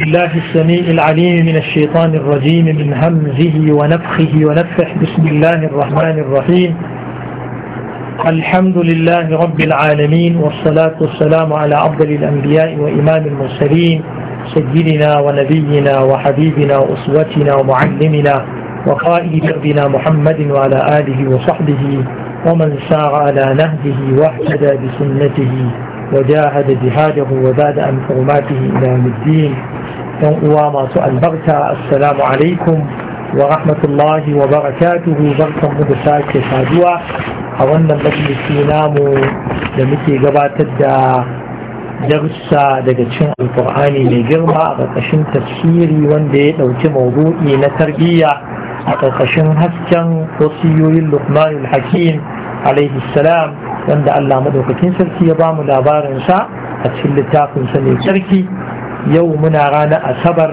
الله السميع العليم من الشيطان الرجيم من همزه ونفخه ونفح بسم الله الرحمن الرحيم الحمد لله رب العالمين والصلاة والسلام على أفضل الأنبياء وإمام المرسلين سيدنا ونبينا وحبيبنا وأسوتنا ومعلمنا وقائد دربنا محمد وعلى آله وصحبه ومن سار على نهجه واهتدى بسنته وجاهد جهاده وبعد أن حرماته إلى الدين yan uwa masu albarka assalamu alaikum wa rahmatullahi wa barakatuhu barkan mu da sake saduwa a wannan majalisi namu da muke gabatar da darussa daga cin alkur'ani mai girma a ƙarƙashin tafsiri wanda ya ɗauki maudu'i na tarbiyya a ƙarƙashin hasken wasiyoyin lukmanul hakim alaihi salam wanda allah madaukakin sarki ya bamu labarinsa a cikin littafinsa mai sarki yau muna ranar asabar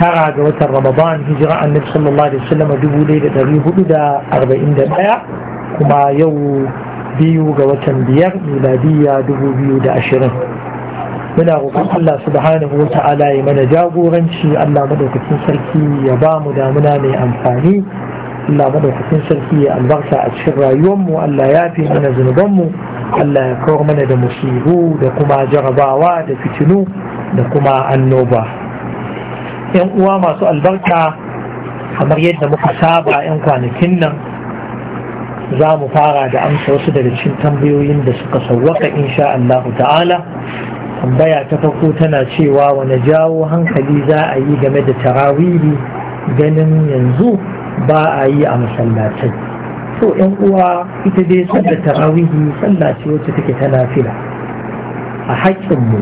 tara ga watan ramadan hijira annabi sallallahu alaihi wasallam dubu ɗaya da dari hudu da arba'in da ɗaya kuma yau biyu ga watan biyar miladiyya dubu biyu da ashirin muna roƙon Allah subhanahu wa ta'ala ya mana jagoranci Allah madaukakin sarki ya ba mu damuna mai amfani Allah madaukakin sarki ya albarka a cikin rayuwarmu Allah ya fi mana zunubanmu Allah ya kawar mana da musibu da kuma jarabawa da fitinu da kuma annoba yan uwa masu albarka kamar yadda muka saba yan kwanakin nan za mu fara da amsa wasu daga cikin tambayoyin da suka sauwaka insha Allah ta'ala tambaya ta farko tana cewa wane jawo hankali za a yi game da tarawihi ganin yanzu ba a yi a masallatai to yan uwa ita dai sallar tarawihi sallah ce wacce take ta nafila a haƙƙinmu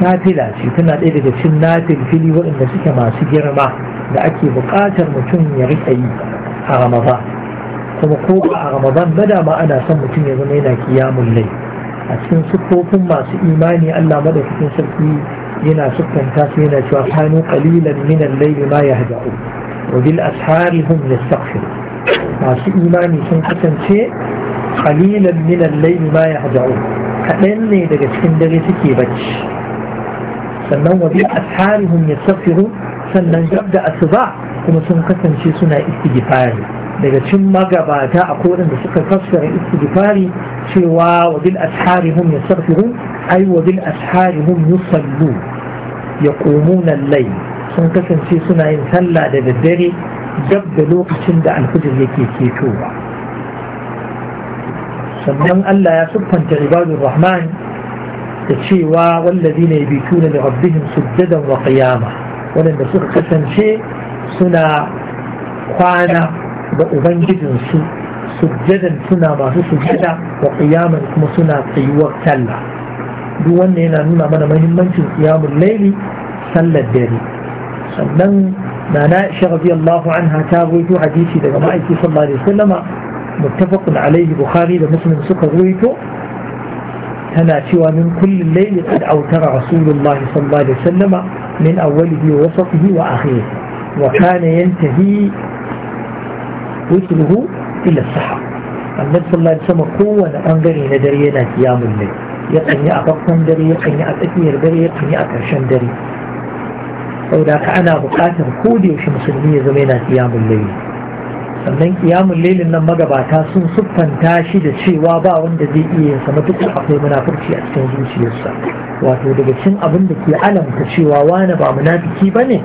nafila ce tana ɗaya daga cikin nafil fili waɗanda suke masu girma da ake buƙatar mutum ya riƙa yi a ramadan kuma ko a ramadan na dama ana son mutum ya zama yana kiyamun lai a cikin siffofin masu imani allah madaukakin sarki yana siffanta su yana cewa kanu qalilan min al-layli ma uku. وبالأسحار هم يستغفرون ما في إيماني سنقسم شيء قليلا من الليل ما يهجعون kaɗan ne daga cikin dare suke bacci sannan wa bi asharihum yastaghfiru sannan gab da asuba kuma sun kasance suna istighfari daga cikin magabata a kodan da suka fassara istighfari cewa wa bil asharihum yastaghfiru ay wa bil asharihum yusallu ya al-layl sun kasance suna yin sallah da daddare dab da lokacin da alfijir yake ketowa sannan Allah ya siffanta ibadun rahman da cewa wallazi ne bi tuna da rabbihim sujjadan wa qiyama wanda suka kasance suna kwana da ubangijinsu sujjadan suna masu sujjada wa qiyaman kuma suna tsayuwar sallah duk wanda yana nuna mana mahimmancin qiyamul laili sallar dare sannan na na isha radiyallahu ha ta ruwaito hadisi daga ma'aiki sallallahu alaihi wasallama muttafaqun alaihi bukhari da muslim suka ruwaito tana cewa min kullum layli qad awtara rasulullah sallallahu alaihi wasallama min awwalihi wa wasatihi wa akhirih wa kana yantahi wutruhu ila as-sahab annabi sallallahu alaihi wasallama kowane bangare na dare yana kiyamul layl yakan yi a farkon dare yakan yi a tsakiyar dare yakan yi a ƙarshen dare saboda ana buƙatar ko da yaushe musulmi ya zama yana kiyamun laili sannan kiyamun lailin nan magabata sun siffanta shi da cewa ba wanda zai iya yin sama duk akwai munafurci a cikin zuciyarsa wato daga cikin abin da ke alamta cewa wani ba munafiki ba ne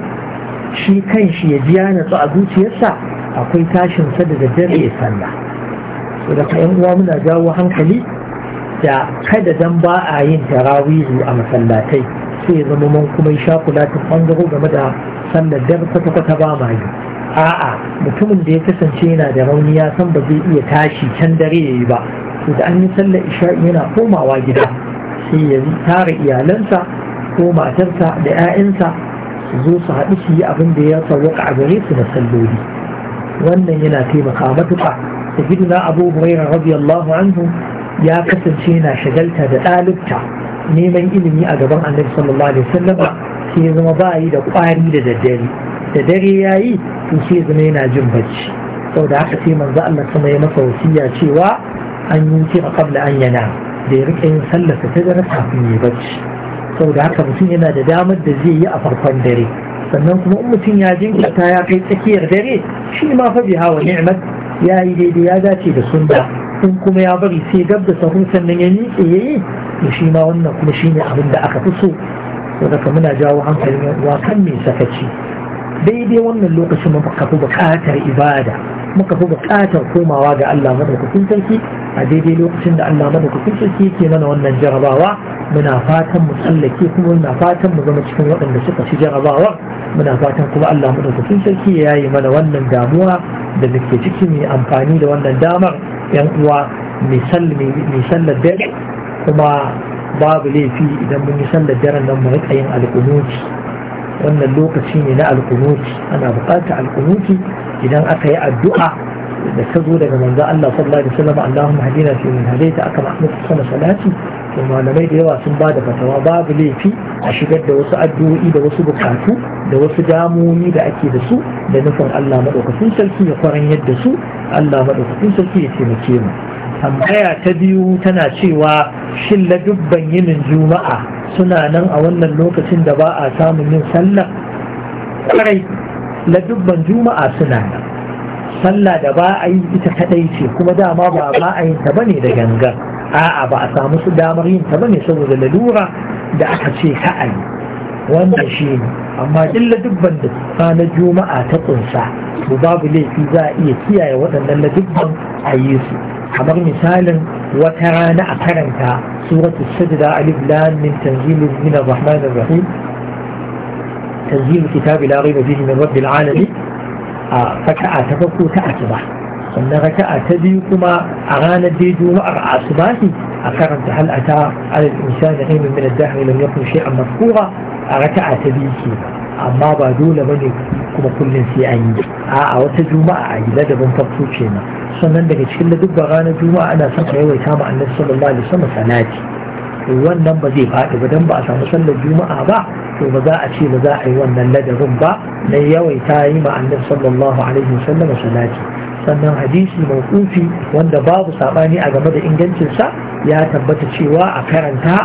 shi kan shi ya ji ya natsu a zuciyarsa akwai tashin sa da daddare ya sallah so da kayan uwa muna jawo hankali da kada dan ba a yin tarawihi a masallatai sai ya zama man kuma sha kula ta ɓangaro game da sallar dar kwata-kwata ba ma yi a'a mutumin da ya kasance yana da rauni ya san ba zai iya tashi can dare ya yi ba to da an yi sallar isha yana komawa gida sai ya tara iyalansa ko matarsa da 'ya'yansa su zo su haɗu su yi abin da ya sauwaka a gare su na salloli wannan yana taimaka matuƙa da gidina abu hurairah radiyallahu anhu ya kasance yana shagalta da ɗalibta neman ilimi a gaban annabi sallallahu alaihi wasallam sai ya zama ba yi da kwari da daddare da dare ya yi to sai zama yana jin bacci saboda haka sai manzo Allah sama ya masa wasiya cewa an yi kira qabla an yana da ya rike yin sallar ta dare kafin ya bacci saboda haka mutum yana da damar da zai yi a farkon dare sannan kuma in mutum ya jinkirta ya kai tsakiyar dare shi ma fa bi hawa ni'mat ya yi daidai ya dace da sunna in kuma ya bari sai gab da sahun sannan ya miƙe ya yi to shi ma wannan kuma shi ne abin da aka fi so saboda muna jawo hankalin yan kan mai sakaci daidai wannan lokacin muka fi buƙatar ibada muka fi buƙatar komawa ga Allah madaukakin sarki a daidai lokacin da Allah madaukakin sarki yake mana wannan jarabawa muna fatan mu tsallake kuma muna fatan mu zama cikin waɗanda suka ci jarabawar muna fatan kuma Allah madaukakin sarki ya yi mana wannan damuwa da muke ciki mai amfani da wannan damar yan uwa mai sallar dare kuma babu laifi idan mun yi sallar daren nan mu rika yin alkunuti wannan lokaci ne na alkunuti ana bukatar alkunuti idan aka yi addu'a da ta zo daga manzo Allah sallallahu alaihi wasallam Allahumma hadina fi min hadaita aka mahmud sana salati to malamai da yawa sun ba da fatawa babu laifi a shigar da wasu addu'o'i da wasu bukatu da wasu damuni da ake da su da nufin Allah madaukakin sarki ya kwaran yadda su Allah madaukakin sarki ya taimake mu tambaya ta biyu tana cewa shin ladubban yinin juma'a suna nan a wannan lokacin da ba a samun yin sallah kwarai ladubban juma'a suna nan sallah da ba a yi ita kadai ce kuma dama ba ba a yin ta bane da gangan a'a ba a samu su damar yin ta bane saboda lalura da aka ce ta a yi wannan shi ne amma illa dubban da ranar juma'a ta kunsa to babu laifi za a iya kiyaye waɗannan ladubban a yi su kamar misalin wata rana a karanta suratu sajda alif lam min tanzilin min ar-rahmanir rahim tanzil kitab la rayba fihi min rabbil alamin a fata'a ta farko ta akiba sannan raka'a ta biyu kuma a ranar da juma'ar asubahi a karanta hal'ata ata alal insani ilmin min ad-dahr lam yakun shay'an mazkura a raka'a ta biyu ke amma ba dole bane kuma kullum sai an yi a wata juma'a a yi ladabin farko kenan sannan daga cikin ladabban ranar juma'a ana son a yawaita ma annabi sallallahu alaihi wasallam salati wannan ba zai faɗi ba dan ba a samu sallar juma'a ba to ba za a ce ba za a yi wannan ladabin ba na yawaita yi ma annabi sallallahu alaihi wasallam salati sannan hadisi mai kufi wanda babu saɓani a game da ingancinsa ya tabbata cewa a karanta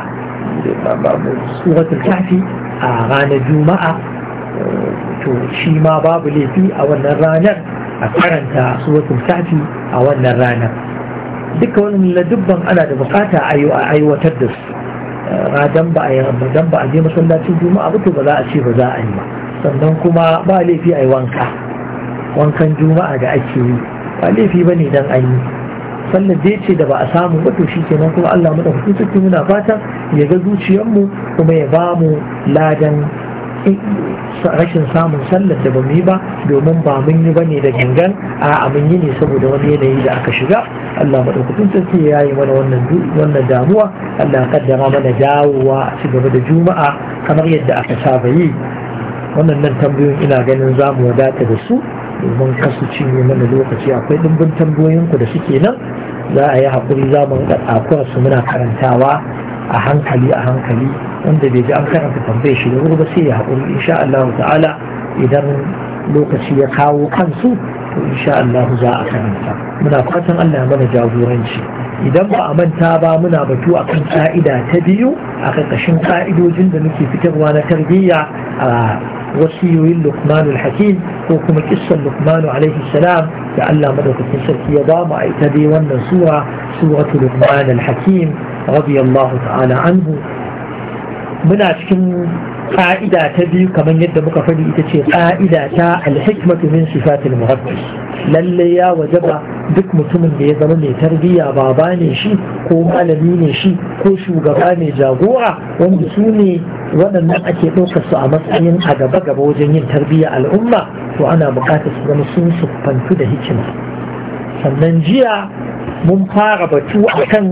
suratul kafi a ranar juma'a to shi ma babu laifi a wannan ranar a karanta suratul kafi a wannan ranar duka wani ladubban ana da bukata a aiwatar da su radan ba a yi ba a je masallacin juma'a ba to ba za a ce ba za a yi ba sannan kuma ba laifi a yi wanka wankan juma'a da ake yi ba laifi ba ne dan an yi sannan da ce da ba a samu ba to nan, kuma Allah mu da hukunci muna fatan ya ga zuciyarmu kuma ya ba mu ladan rashin samun sallar da ba mu yi ba domin ba mun yi ba ne da gangan a mun yi ne saboda wani yanayi da aka shiga Allah maɗaukakin sarki ya yi mana wannan damuwa Allah kaddara mana dawowa a ci gaba da juma'a kamar yadda aka saba yi wannan nan tambayoyin ina ganin za mu wadata da su domin kasu cinye mana lokaci akwai ɗimbin tambayoyinku da suke nan za a yi haƙuri za mu ɗakura su muna karantawa a hankali a hankali wanda bai ji an karanta tambayar shi da wuri ba sai ya haƙuri insha Allah ta'ala idan lokaci ya kawo kansu to insha Allah za a karanta muna fatan Allah ya mana jagoranci idan ba a manta ba muna batu a kan ka'ida ta biyu a ƙarƙashin ka'idojin da muke fitarwa na tarbiyya a wasiyoyin lukmanul hakim ko kuma kissan lukmanu alaihi salam da allah madaukakin sarki ya ba mu a ita dai wannan sura suratu lukmanul hakim radiyallahu ta'ala anhu muna cikin ta biyu قائدة تبي كمن يد مكفدي إتشي قائدة تا الحكمة من Lallai ya waje ba duk mutumin da ya zama mai tarbiyya baba ne shi ko malami ne shi ko shugaba ne jagora wanda su ne waɗannan ake ɗaukar su a matsayin a gaba gaba wajen yin tarbiyya al'umma to ana buƙatar su zama sun sufantu da hikima sannan jiya mun fara batu akan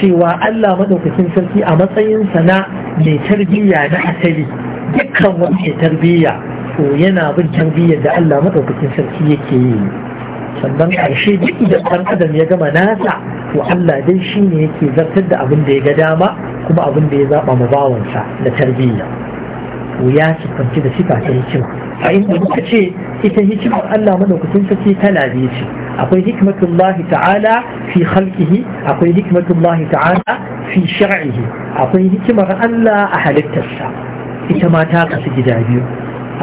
cewa Allah maɗaukakin sarki a matsayinsa na mai tarbiyya na asali dukkan wani tarbiyya to yana bin tarbiyyar da Allah madaukakin sarki yake yi sannan ƙarshe duk idan ɗan adam ya gama nasa to Allah dai shi ne yake zartar da abin da ya ga dama kuma abin da ya zaɓa ma bawansa na tarbiyya to ya sifanci da sifa ta hikima a inda muka ce ita hikimar Allah madaukakin sarki tana biyu ce akwai hikmatullahi ta'ala fi khalqihi akwai hikmatullahi ta'ala fi shar'ihi akwai hikimar Allah a halittarsa ita ma ta kasu gida biyu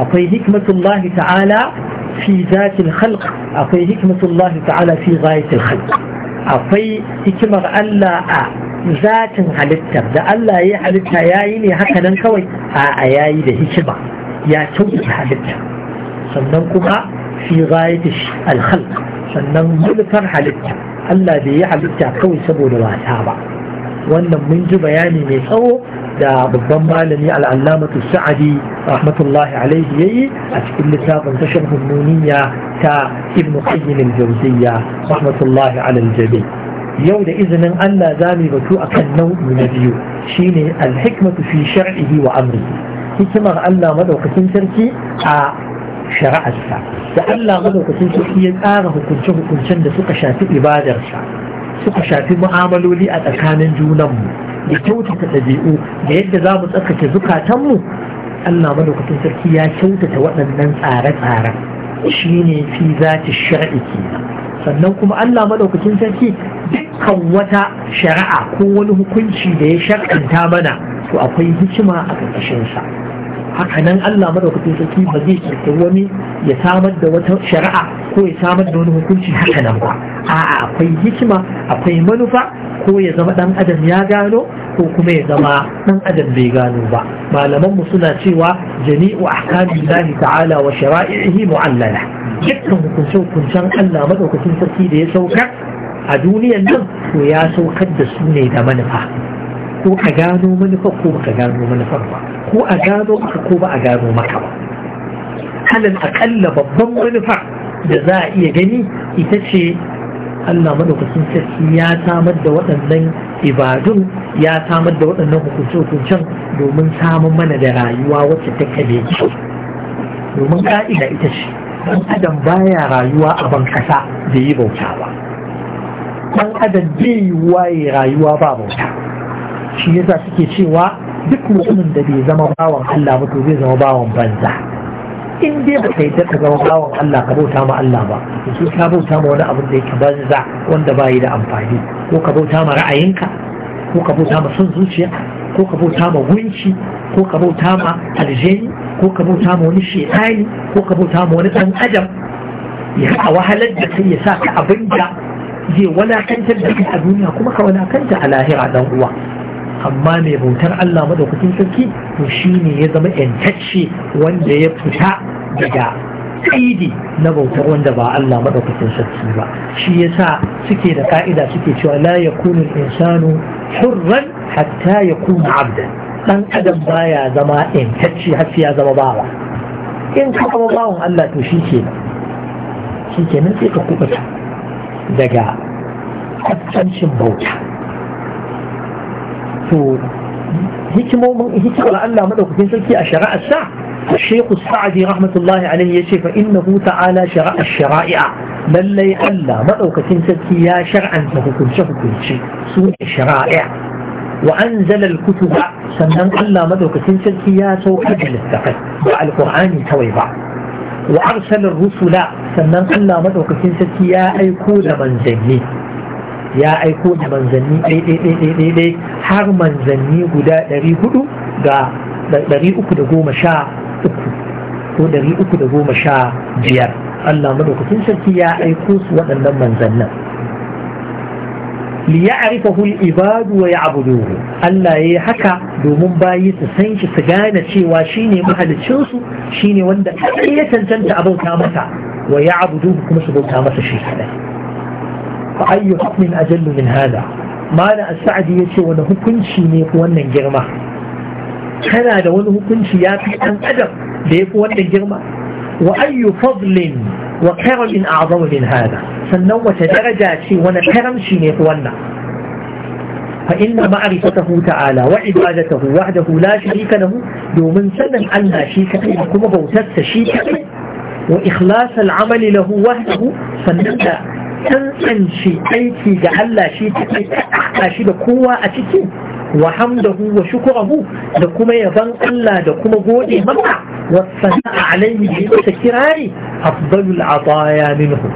akwai hikmatullahi ta'ala fi zatil khalq akwai hikmatullahi ta'ala fi ghayatil khalq akwai hikimar Allah a zatin halittar da Allah ya halitta yayi ne haka nan kawai a yayi da hikima ya kyautata halitta sannan kuma fi ghayatil khalq sannan mulkar halitta Allah bai yi halitta kawai saboda wasa ba wannan mun ji bayani mai tsawo da babban malami al'allamatu sa'adi rahmatullahi alaihi yayi a cikin littafin tashar hunnuniya ta ibnu qayyim al-jawziyya rahmatullahi alal jami yau da izinin Allah za mu batu akan nau'i na biyu shine al-hikmatu fi shar'ihi wa amri hikimar Allah madaukakin sarki a shari'arsa da Allah madaukakin sarki ya tsara hukunce-hukuncen da suka shafi ibadarsa suka shafi mu'amaloli a tsakanin junanmu da kyautata ɗabi'u da yadda za mu tsakake zukatanmu Allah madaukakin sarki ya kyautata waɗannan tsare-tsaren shi ne fi zati shar'i kenan sannan kuma Allah madaukakin sarki dukkan wata shari'a ko wani hukunci da ya shar'anta mana to akwai hikima a ƙarƙashinsa haka nan Allah madaukakin sarki ba zai kirkiri wani ya samar da wata shari'a ko ya samar da wani hukunci haka nan ba a'a akwai hikima akwai manufa ko ya zama dan adam ya gano ko kuma ya zama dan adam bai gano ba malaman mu suna cewa jami'u ahkamin lahi ta'ala wa shara'ihi mu'allala dukkan hukunce hukuncen Allah madaukakin sarki da ya saukar a duniyan nan to ya saukar da su ne da manufa ko ka gano manufa ko ka gano manufar ba ko a gano aka ko ba a gano maka ba halin akalla babban manufa da za a iya gani ita ce Allah madaukakin sarki ya samar da waɗannan ibadun ya samar da waɗannan hukuncin domin samun mana da rayuwa wacce ta kabe domin ka'ida ita ce ɗan adam baya rayuwa a ban ƙasa da yi bauta ba ɗan adam bai yi waye rayuwa ba bauta shi yasa suke cewa duk mutumin da bai zama bawan Allah ba to zai zama bawan banza in dai ba kai ta zama bawan Allah ka bauta ma Allah ba to ka bauta ma wani abin da yake banza wanda bai da amfani ko ka bauta ma ra'ayinka ko ka bauta ma son zuciya ko ka bauta ma gunci ko ka bauta ma aljani ko ka bauta ma wani shekani ko ka bauta ma wani dan adam ya a wahalar da kai ya sa ka abin da zai walakantar da kai a duniya kuma ka walakanta a lahira dan uwa amma mai bautar Allah madaukakin sarki to ne ya zama yantacce wanda ya fita daga kaidi na bautar wanda ba Allah madaukakin sarki ba shi yasa suke da ka'ida suke cewa la yakunu insanu hurran hatta yakuna abdan dan adam baya zama yantacce har sai ya zama bawa in ka zama bawan Allah to shi kenan shi sai ka kubuta daga kwatancin bauta wato hikimomin hikimar Allah madaukakin sarki a shari'ar sa Sheikhu Sa'adi rahmatullahi alaihi yace fa innahu ta'ala shara'a shara'i'a lallai Allah madaukakin sarki ya shar'anta hukunce hukunce su ne shara'i'a wa anzala al-kutuba sannan Allah madaukakin sarki ya saukar da littafai ba alqur'ani kawai ba wa arsala ar-rusula sannan Allah madaukakin sarki ya aiko da manzanni ya aiko da manzanni ɗaiɗaiɗaiɗaiɗai har manzanni guda ɗari hudu ga ɗari uku da goma sha uku ko ɗari uku da goma sha biyar Allah madaukakin sarki ya aiko su waɗannan manzannin arifa hul ibadu wa ya'buduhu Allah yi haka domin bayi su san shi su gane cewa shine mahalicin su shine wanda ya a bauta masa wa ya'buduhu kuma su bauta masa shi فأي حكم أجل من هذا ما أنا السعدي يتي وأنا هكنشي نيك وأنا جرمة كان ده وأنا هكنشي ياتي أن أدب ديك وأنا جرمة وأي فضل وكرم أعظم من هذا سنوة درجة شي وأنا كرم شي نيك وأنا فإن معرفته تعالى وعبادته وحده لا شريك له دومن سنن أن شيك كما بوتت شيك وإخلاص العمل له وحده سنن tantance aiki ga Allah shi ta shi da kowa a ciki wa hamdahu wa shukurahu da kuma yaban Allah da kuma gode maka wa sana'a alaihi bi ta kirari afdalul ataya minhu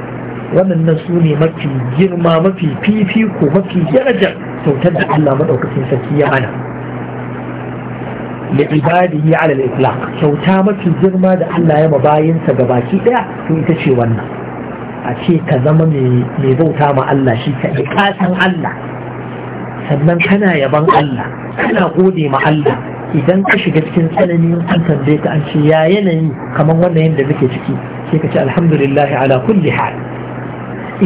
wannan su ne mafi girma mafi fifiko mafi darajar kyautar da Allah madaukakin sarki ya hana da ibadi ya alal itlaq kyauta mafi girma da Allah ya mabayinsa gabaki daya to ita ce wannan a ce ka zama mai bauta ma Allah shi ka Ƙasan Allah sannan kana yaban Allah kana gode ma Allah idan ka shiga cikin tsanani an tambaye ka an ce ya yanayi kamar wannan yadda muke ciki sai ka ce alhamdulillah ala kulli hal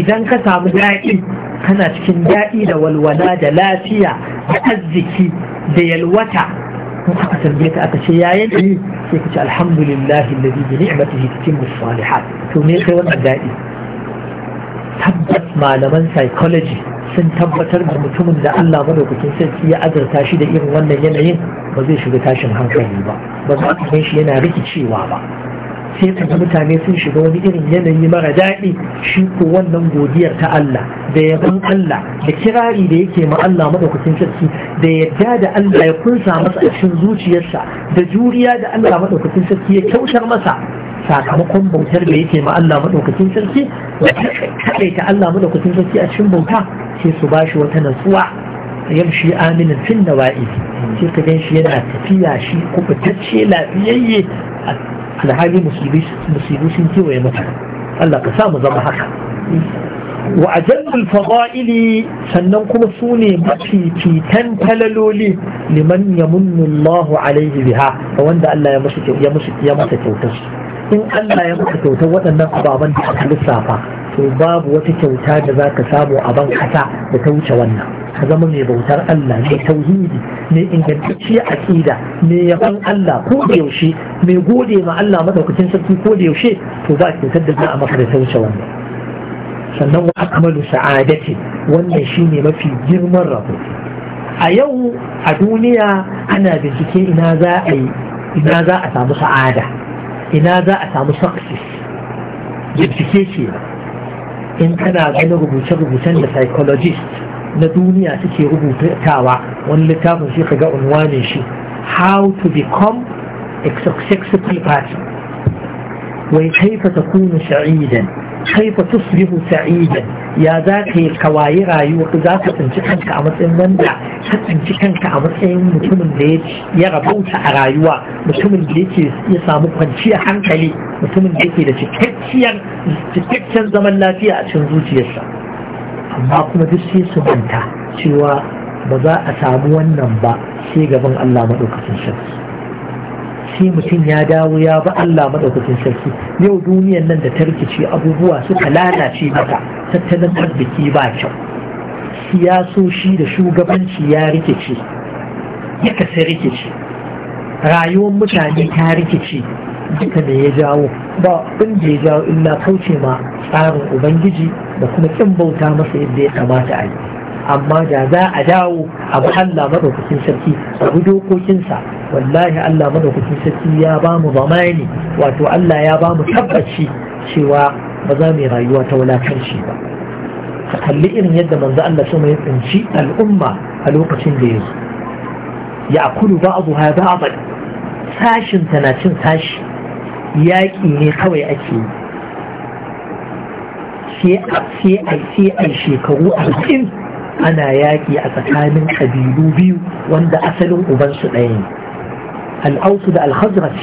idan ka samu daɗi kana cikin daɗi da walwala da lafiya da arziki da yalwata in aka tambaye ka aka ce ya yanayi sai ka ce alhamdulillah alladhi bi ni'matihi tatimmu salihat to me kai wannan daɗi tabbas malaman psychology sun tabbatar da mutumin da Allah madaukakin sarki ya azarta shi da irin wannan yanayin ba zai shiga tashin hankali ba ba za a shi yana rikicewa ba sai ka mutane sun shiga wani irin yanayi mara daɗi shi ko wannan godiyar ta Allah da yabon Allah da kirari da yake ma Allah madaukakin sarki da yadda da Allah ya kunsa masa a cikin zuciyarsa da juriya da Allah madaukakin sarki ya kyautar masa sakamakon bautar da yake ma Allah madaukakin sarki da ta Allah madaukakin sarki a cikin bauta sai su ba shi wata natsuwa yamshi aminin fin nawa'i sai ka gan shi yana tafiya shi kubutacce lafiyayye alhali musibu sun kewaye mata Allah ka samu zama haka wa ajallul fada'ili sannan kuma su ne mafifitan talaloli liman yamunnu Allahu alaihi biha wanda Allah ya masa kyautar su in Allah ya maka kyautar waɗannan ababen da aka lissafa to babu wata kyauta da za ka samu a ban kasa da ta wuce wannan ka zama mai bautar Allah mai tauhidi mai ingantacciyar aƙida mai yaban Allah ko da yaushe mai gode ma Allah madaukakin sarki ko da yaushe to ba kyautar da za a maka da ta wuce wannan sannan wa akmalu sa'adati wannan shine mafi girman rabo a yau a duniya ana bincike ina za a ina za a samu sa'ada ina za a samu success bincike ke in kana ganin rubuce-rubucen da psychologist na duniya suke rubutawa wani littafin shi ga unwanin shi how to become a successful person وكيف تكون سعيدا كيف تصبح سعيدا يا ذاك كواي رايو ذاك تنشكنك أمس إن من دع تنشكنك أمس إن متمن ديج يغبوت أرايوا متمن ديج يسامو قنشي حنكلي متمن ديج إذا تكتشيا تكتشن زمن لا فيها تنزوتي يسا amma kuma duk sai su manta cewa ba za a samu wannan ba sai gaban Allah maɗaukacin sarki sai mutum ya dawo ya ba Allah maɗaukakin sarki yau duniyan nan da ta rikice abubuwa suka lalace mata tattalin arziki ba kyau siyasoshi da shugabanci ya rikice ya kasa rikice rayuwar mutane ta rikici duka da ya jawo ba abin da ya jawo illa kauce ma tsarin ubangiji da kuma kin bauta masa yadda ya kamata a yi amma da za a dawo a bi Allah madaukakin sarki a bi dokokinsa wallahi Allah madaukakin sarki ya ba mu zamani wato Allah ya ba mu tabbaci cewa ba za mu rayuwa ta wulakanci ba ka kalli irin yadda manzo Allah sama ya tsinci al'umma a lokacin da ya zo ya kulu ba'du ha ba'd sashin tana cin sashi yaƙi ne kawai ake yi sai a shekaru arba'in ana yaƙi a tsakanin ƙabilu biyu wanda asalin ubansu ɗaya ne al'ausu da al-khazraj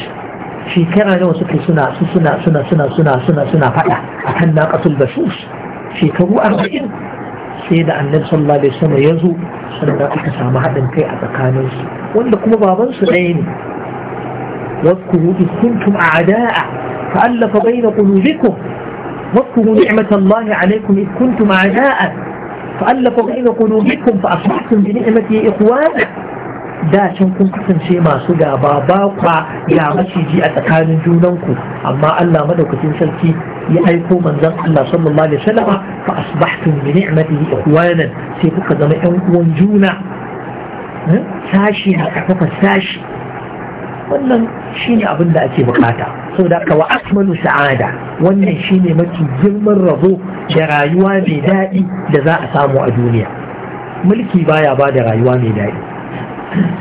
shekara nawa suke suna suna suna suna suna suna suna faɗa a kan naƙasul basus shekaru arba'in sai da annabi sallallahu alaihi wasallam ya zo sannan aka samu haɗin kai a tsakaninsu wanda kuma babansu ɗaya ne واذكروا إذ كنتم أعداء فألف بين قلوبكم واذكروا نعمة الله عليكم إذ كنتم أعداء فألف بين قلوبكم فأصبحتم بنعمتي إخوانا da can kun kasance masu gaba ba kwa maciji a tsakanin junanku amma Allah maɗaukacin sarki ya aiko manzon Allah sallallahu alaihi wasallam fa asbahtum bi ni'matihi ikhwanan sai kuka zama ƴan uwan juna sashi na kafa sashi wannan shine abin da ake bukata saboda da wa asmanu sa'ada wannan shine mafi girman rabo da rayuwa mai daɗi da za a samu a duniya mulki baya ba da rayuwa mai daɗi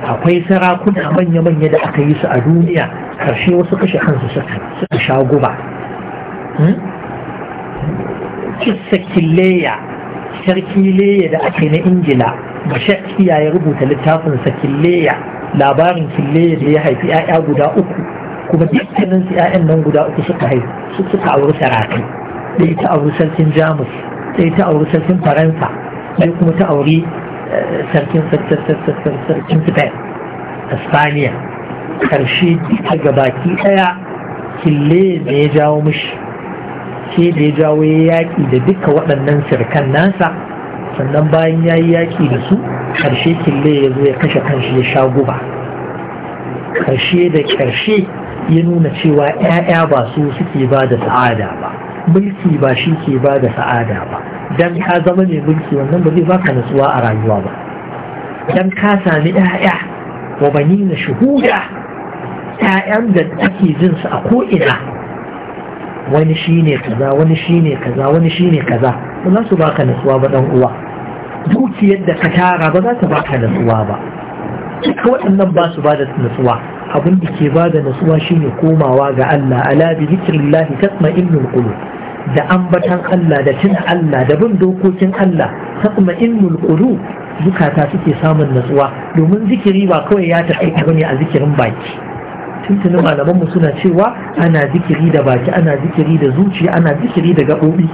akwai sarakuna manya-manya da aka yi su a duniya karshe wasu kashe kansu suka sha guba hmm? kissakin leya sarki leya da ake na ingila ba ya rubuta littafin sakin leya labarin fille da ya haifi 'ya'ya guda uku kuma dukkanin su 'ya'yan nan guda uku suka haifi su suka auri sarakai ɗaya ta auri sarkin jamus ɗaya ta auri sarkin faransa ɗaya kuma ta auri eh, sarkin sarkin spain espaniya karshe a gabaki ɗaya kille da ya jawo mishi sai da ya jawo ya yaƙi da duka waɗannan sirkan nasa sannan bayan ya yi yaƙi da su karshe kille ya zo ya kashe kanshi ya sha guba karshe da karshe ya nuna cewa 'ya'ya ba su suke ba da sa'ada ba mulki ba shi ke ba da sa'ada ba dan ka zama mai mulki wannan ba zai baka nutsuwa a rayuwa ba dan ka sami 'ya'ya wa bani na shuhuda 'ya'yan da ake jin su a ko'ina wani shi ne kaza wani shi ne kaza wani shi ne kaza ba za su baka nutsuwa ba ɗan uwa zuciyar da ka tara ba za ta ba baka nasuwa ba duka waɗannan ba su ba da nasuwa abin da ke ba da nasuwa shine komawa ga Allah ala bi tasma tasma'innul Kulu, da ambatan Allah da tuna Allah da bin dokokin Allah tasma tasma'innul Kulu zukata suke samun nasuwa domin zikiri ba kawai ya tafi bane a zikirin baki tuntunin malamanmu suna cewa ana zikiri da baki ana zikiri da zuciya ana zikiri da gaɓoɓi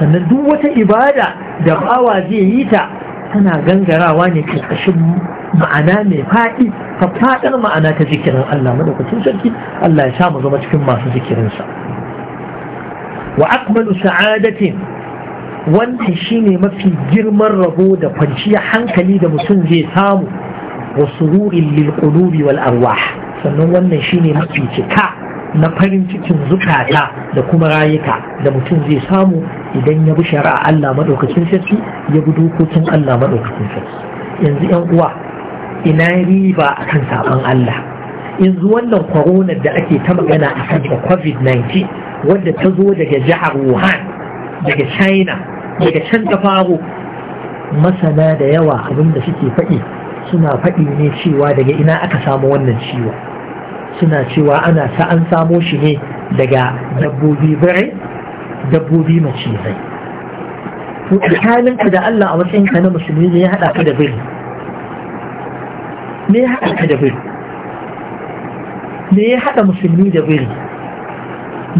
sannan duk wata ibada da bawa zai yi ta tana gangarawa ne karkashin ma'ana mai faɗi faɗaɗar ma'ana ta zikirin Allah madaukakin sarki Allah ya sa mu zama cikin masu zikirinsa wa akmalu sa'adatin wannan shine mafi girman rabo da kwanciya hankali da mutum zai samu wa sururin lil qulubi wal arwah sannan wannan shine mafi cika na farin cikin zukata da kuma rayuka da mutum zai samu idan ya bi shari'a Allah maɗaukacin sarki ya bi dokokin Allah maɗaukacin sarki yanzu yan uwa ina riba akan saban Allah yanzu wannan corona da ake ta magana a kan covid-19 wadda ta zo daga jihar Wuhan daga China daga can ta faro masana da yawa abinda suke faɗi suna faɗi ne cewa daga ina aka samu wannan ciwon suna cewa ana ta an samo shi ne daga dabbobi bare dabbobi macizai halinka da Allah a matsayinka na musulmi ne ya haɗa ka da biri me ya haɗa ka da biri me ya haɗa musulmi da biri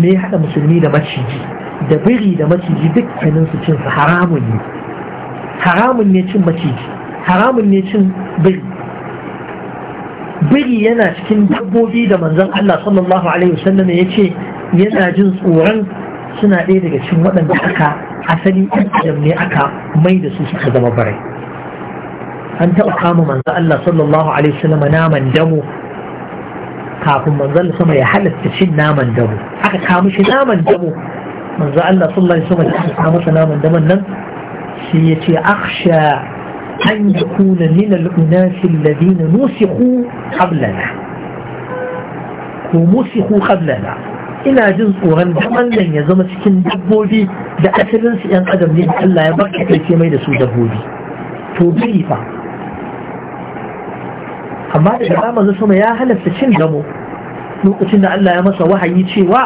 me ya haɗa musulmi da maciji da biri da maciji dukkanin su cin su haramun ne haramun ne cin maciji haramun ne cin biri biri yana cikin dabbobi da manzon Allah sallallahu alaihi wasallam ya ce yana jin tsoron suna ɗaya daga cikin waɗanda aka asali ɗan adam ne aka mai da su suka zama barai an taɓa kama manzon Allah sallallahu alaihi wasallam naman damo kafin manzon sama ya halatta cin naman damo aka kama shi naman damo manzon Allah sallallahu alaihi wasallam ya kama masa naman damon nan sai ya ce akhsha أن يكون من الأناس الذين نسخوا قبلنا ومسخوا قبلنا ina jin tsoron da wannan ya zama cikin dabbobi da asalin su yan adam ne Allah ya baka kake mai da su dabbobi to bai fa amma da ba sama ya halatta cin damo lokacin da Allah ya masa wahayi cewa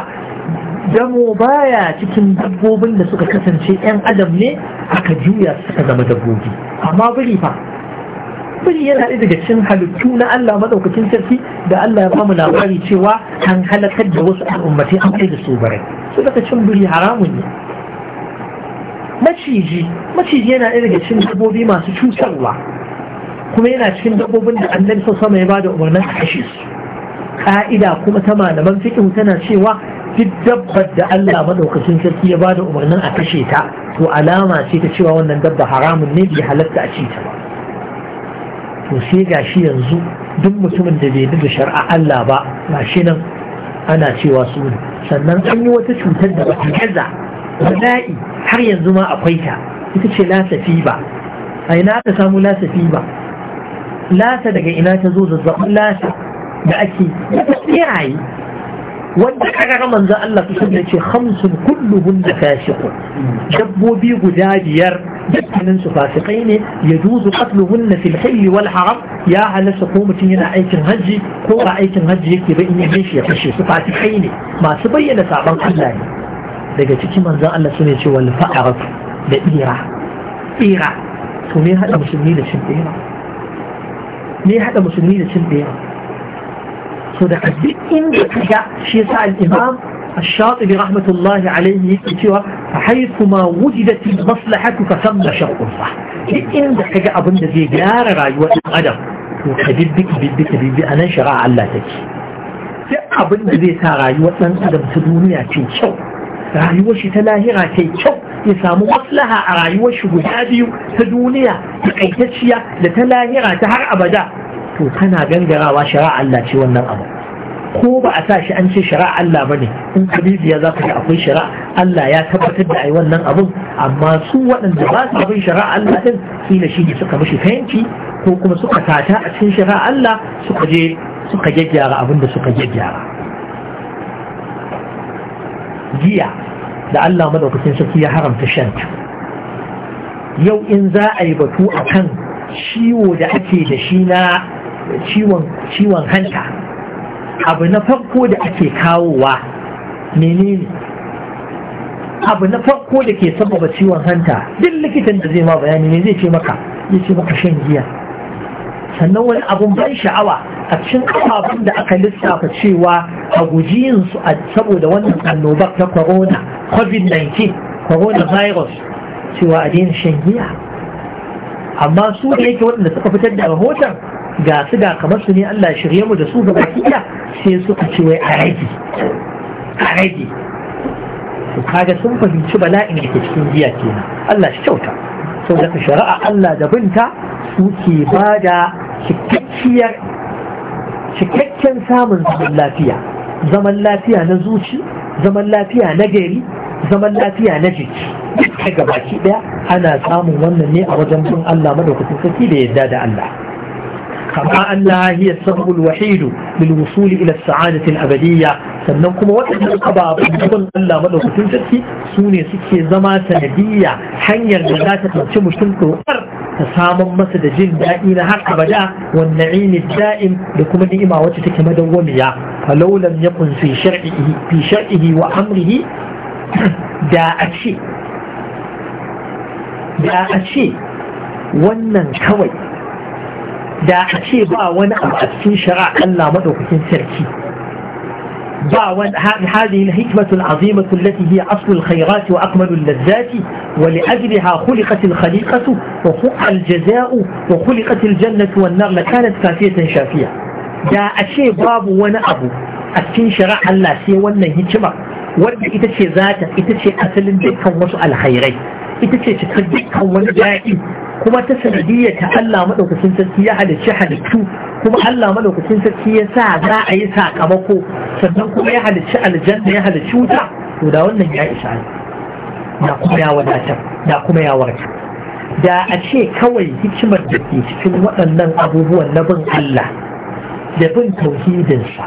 damo baya cikin dabbobin da suka kasance yan adam ne aka juya suka zama dabbobi amma biri fa biri yana ɗaya daga cikin halittu na Allah madaukakin sarki da Allah ya bamu labari cewa kan halakar da wasu al'ummatai an kai da su barai su daga cin biri haramun ne maciji maciji yana ɗaya daga cikin dabbobi masu cutarwa kuma yana cikin dabbobin da annabi sama ya ba da umarnin a kashe su ka'ida kuma ta malaman fiqh tana cewa duk dabbar da Allah maɗaukacin sarki ya bada umarnin a kashe ta to alama ce ta cewa wannan dabba haramun ne bai halatta a ci ta ba to sai gashi yanzu duk mutumin da bai da shar'a Allah ba shi nan ana cewa su ne sannan an yi wata cutar da bata gaza bala'i har yanzu ma akwai ta ita ce lasafi ba a ina aka samu lasafi ba lasa daga ina ta zo zazzabin lasa da ake tsirayi wanda kaga manzo Allah su sunna ce khamsun kulluhun da fasiqun dabbobi guda biyar dukkanin su fasikai ne yajuzu qatluhun fil hayy wal haram ya halasta ko mutum yana aikin haji ko ba aikin haji yake ba in yi shi ya kashe su fasikai ne masu bayyana sabon Allah ne daga ciki manzo Allah sune ce wal fa'arat da ira ira to me hada musulmi da cin ira me hada musulmi da cin ira صدق الدين بكجا شيسع الإمام الشاطبي رحمة الله عليه يتوى حيثما وجدت المصلحة فثم شرع صح إن دقيقة أبن ذي جار رايوة الأدم وكبيبك بيبك بيبك أنا شرع الله تكي أبن ذي رايوة الأدم تدونيا كي شو رايوة تلاهرة كي شو يسامو مصلحة رايوة شهدابي تدونيا تقيتشيا لتلاهرة تهر أبدا وكان جنجرا وشرع الله تي ونن أبو ko ba a sa shi an ce shari'a Allah ne in kabibiya za zaka ga akwai shari'a Allah ya tabbatar da ai wannan abun amma su waɗanda ba su abin shari'a Allah din kila shi ne suka mishi fahimci ko kuma suka tata a cikin shari'a Allah suka je suka gyaggyara abin da suka gyaggyara giya da Allah madaukakin sarki ya haramta shanta yau in za a yi batu akan ciwo da ake da shi na ciwon hanta abu na farko da ake kawowa menene abu na farko da ke sababa ciwon hanta duk likitan da zai ma bayani ne zai ce maka zai ce maka shan giya sannan wani abun ban sha'awa a cikin ababen da aka lissafa cewa a guji yin su saboda wannan annobar ta corona covid-19 coronavirus cewa a daina shan giya amma su da yake waɗanda suka fitar da rahoton ga su ga kamar su ne Allah shirye mu da su ga bakiya sai suka ce wai a rage a rage kaga sun fahimci bala'in da ke cikin giya kenan Allah shi kyauta da ka shari'a Allah da binta suke ba da cikakken samun zaman lafiya zaman lafiya na zuci zaman lafiya na gari zaman lafiya na jiki ta gabaki daya ana samun wannan ne a wajen bin Allah madaukakin sarki da yadda da Allah كما أنها هي السبب الوحيد للوصول إلى sa'adatin الأبدية sannan kuma waɗannan ababen Allah maɗaukacin sarki su ne suke zama sanadiyya hanyar da za ta ɗauki mutum ɗaukar ta samun masa da jin daɗi na har abada wannan ini da'im da kuma ni'ima wacce take madawwamiya falaulan ya kunsu fi shar'ihi wa amrihi da a ce da a ce wannan kawai da a ce ba wani abu a cikin shari'a Allah madaukakin sarki ba wani هذه الحكمة العظيمة التي هي أصل الخيرات وأكمل اللذات ولأجلها خلقت الخليقة وخلق الجزاء وخلقت الجنة والنار لكانت كافية شافية دا أشي باب وانا أبو أكين شرع الله سي وانا هكما وانا إتشي ذاتا إتشي أسل دكا وسؤال خيرين ita ce cikin dukkan wani daɗi kuma ta sanadiyya ta Allah maɗaukacin sarki ya halicci halittu kuma Allah maɗaukacin sarki ya sa za a yi sakamako sannan kuma ya halicci aljanna ya halicci wuta to da wannan ya isa ne da kuma ya wadatar da kuma ya warke da a ce kawai hikimar da ke cikin waɗannan abubuwan na bin Allah da bin tauhidinsa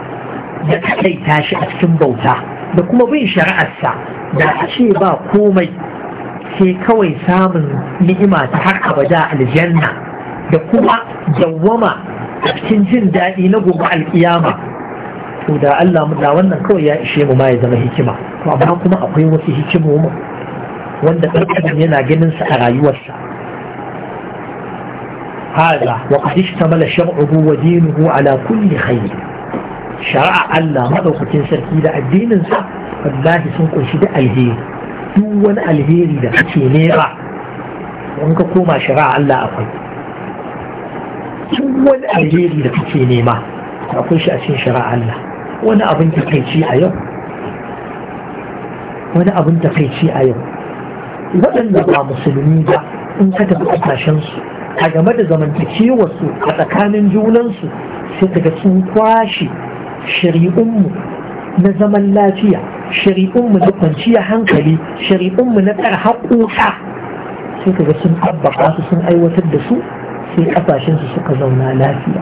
da kaɗaita shi a cikin bauta da kuma bin shari'arsa da a ce ba komai ke kawai samun ni'ima ta har abada aljanna da kuma dawwama cikin jin daɗi na gobe alƙiyama to da Allah mu da wannan kawai ya ishe mu ma ya zama hikima to amma kuma akwai wasu hikimomi wanda ɗan yana ganin sa a rayuwarsa hada wa qad ishtamala shar'uhu wa dinuhu ala kulli khayr shar'a Allah maɗaukacin sarki da addininsa. sa wallahi sun ƙunshi da alheri duk wani alheri da kake nema in ka koma shari'a Allah akwai duk wani alheri da kake nema akwai shi a cikin shari'a Allah wani abin takaici a yau wani abin takaici a yau waɗanda ba musulmi ba in ka tafi ƙasashensu a game da zamantakewarsu a tsakanin junansu sai daga sun kwashe shari'unmu na zaman lafiya shari'unmu na kwanciya hankali shari'unmu na tsar haƙoƙa sai kaga sun abbaka su sun aiwatar da su sai ƙasashensu suka zauna lafiya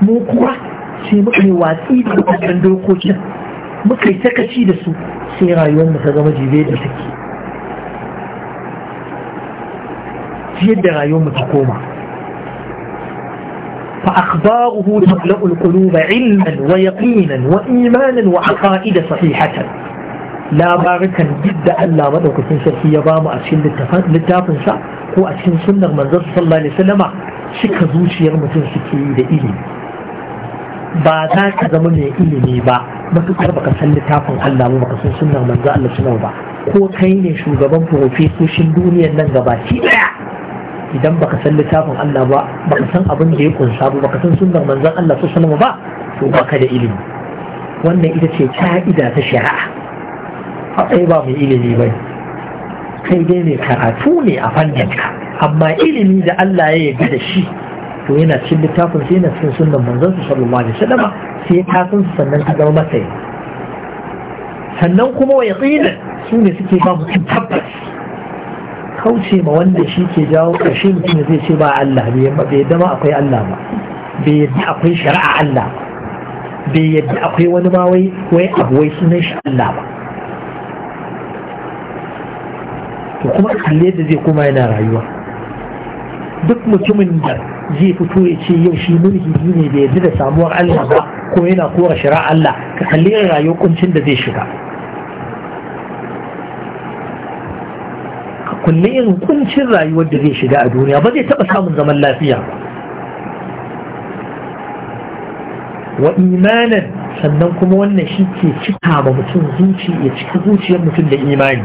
mu kuwa sai muka yi watsi da waɗannan dokokin muka yi takaci da su sai rayuwar mu ta zama jibe da take yadda mu ta koma فأخباره تملأ القلوب علما ويقينا وإيمانا وعقائد صحيحة لا باركا جدا ألا مدوك تنسرسي يبام أسكن للتافن سا هو أسكن سنة منزل صلى الله عليه وسلم شك زوشي يغمتن سكي لإلي ba za ka zama mai ilimi ba matuƙar baka san littafin Allah ba baka san sunnar manzo Allah sunan ba ko kai ne shugaban profesoshin duniyar nan gaba ki daya idan baka san littafin Allah ba baka san abin da ya kunsa ba baka san sunan manzon Allah sallallahu alaihi ba to baka da ilimi wannan ita ce ka'ida ta shari'a a kai ba mai ilimi ba kai dai ne karatu ne a fannin ka amma ilimi da Allah ya yarda da shi to yana cikin littafin sai yana cikin sunnan manzon sallallahu alaihi wasallam sai ta san sannan ka zama masai sannan kuma wa yaqinin su ne suke ba mutum tabbas kauce ma wanda shi ke jawo ƙarshe mutum zai ce ba Allah bai yadda ma akwai Allah ba bai yadda akwai shari'a Allah ba bai yadda akwai wani ma wai wai abu wai sunan shi Allah ba to kuma kalle yadda zai koma yana rayuwa duk mutumin da zai fito ya ce yau shi mulki ne bai yadda da samuwar Allah ba ko yana kora shari'a Allah ka kalli rayuwar kuncin da zai shiga kunne irin kuncin rayuwar da zai shiga a duniya ba zai taɓa samun zaman lafiya wa imanan sannan kuma wannan shi ke cika ma mutum zuci ya cika zuciyar mutum da imani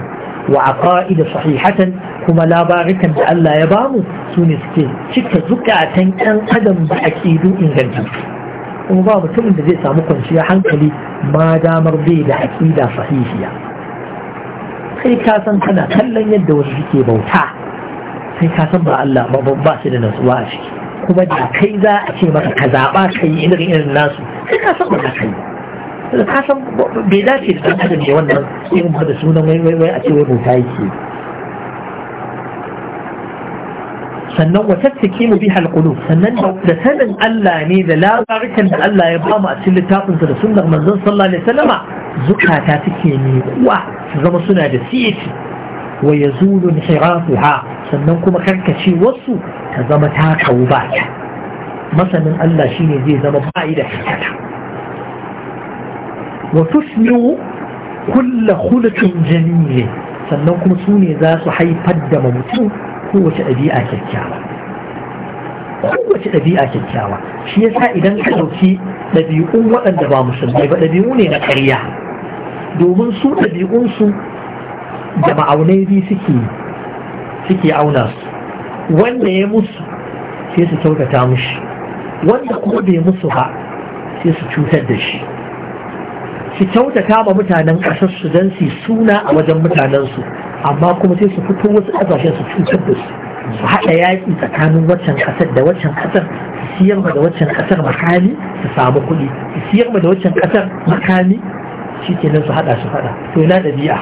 wa ƙa'ida sahihatan kuma labarikan da Allah ya bamu su ne suke cika zukatan 'yan adam ba aƙidu inganta kuma ba mutumin da zai samu kwanciya hankali ma damar bai da aƙida sahihiya Sai ka san kana kallon yadda wasu suke bauta sai ka san ba Allah ba ba shi da nasuwa a ciki kuma da kai za a ce maka ka zaɓa ka yi irin irin nasu sai ka san ba za ka yi ka san bai dace da ɗan adam ne wannan irin ba da sunan wai wai wai a ce wai bauta yake sannan wata take mu bi halqulu sannan da sanin Allah ne da labarin da Allah ya ba mu a cikin littafinsa da sunnar manzon sallallahu alaihi wasallama zukata suke miƙuwa su zama suna da siyeti wa ya zulu ha sannan kuma karkace wasu ta zama ta kawo ba ta masanin Allah shine zai zama bayi da fitata wa tusmi'u kulla khuluqin jamil sannan kuma su ne za su haifar da mutum kowace ɗabi'a kyakkyawa kowace ɗabi'a kyakkyawa shi yasa idan ka ɗauki ɗabi'un waɗanda ba musulmai ba ɗabi'u ne na ƙarya domin su ɗabi'unsu da ma'aunai biyu suke suke auna su wanda ya musu sai su kyautata mushi wanda kuma bai musu ba sai su cutar da shi su kyautata ma mutanen ƙasarsu don su suna a wajen mutanensu amma kuma sai su fito wasu ƙasashen su cutar da su su haɗa yaƙi tsakanin waccan ƙasar da waccan ƙasar su siyar da waccan ƙasar makami su samu kuɗi su siyar da waccan ƙasar makami shi ke su haɗa su faɗa to na ɗabi'a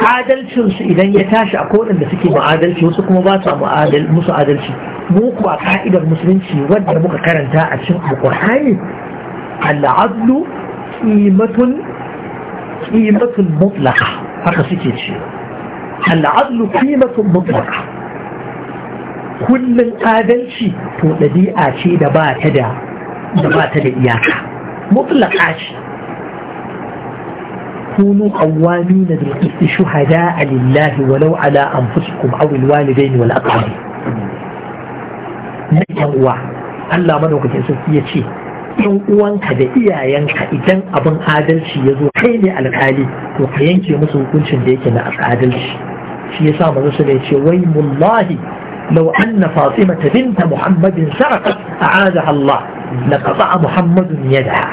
adalcin su idan ya tashi a kodin da suke mu'adalci wasu kuma ba su musu adalci mu kuwa ka'idar musulunci wadda muka karanta a cikin alƙur'ani al'adlu qimatun qimatun mutlaqa haka suke cewa al'adlu qimatun mutlaqa kullun adalci to ɗabi'a ce da ba ta da da ba ta da iyaka mutlaqa ce كونوا قوامين بالقسط شهداء لله ولو على أنفسكم أو الوالدين والأقربين نجوا Allah madaukakin sarki ya ce in uwanka da iyayenka idan abin adalci ya zo kai ne alkali to ka yanke musu hukuncin da yake na adalci shi yasa manzo sai ya ce wai mullahi law anna fatima binta muhammadin sarqat a'adaha Allah a qata'a muhammadun yadaha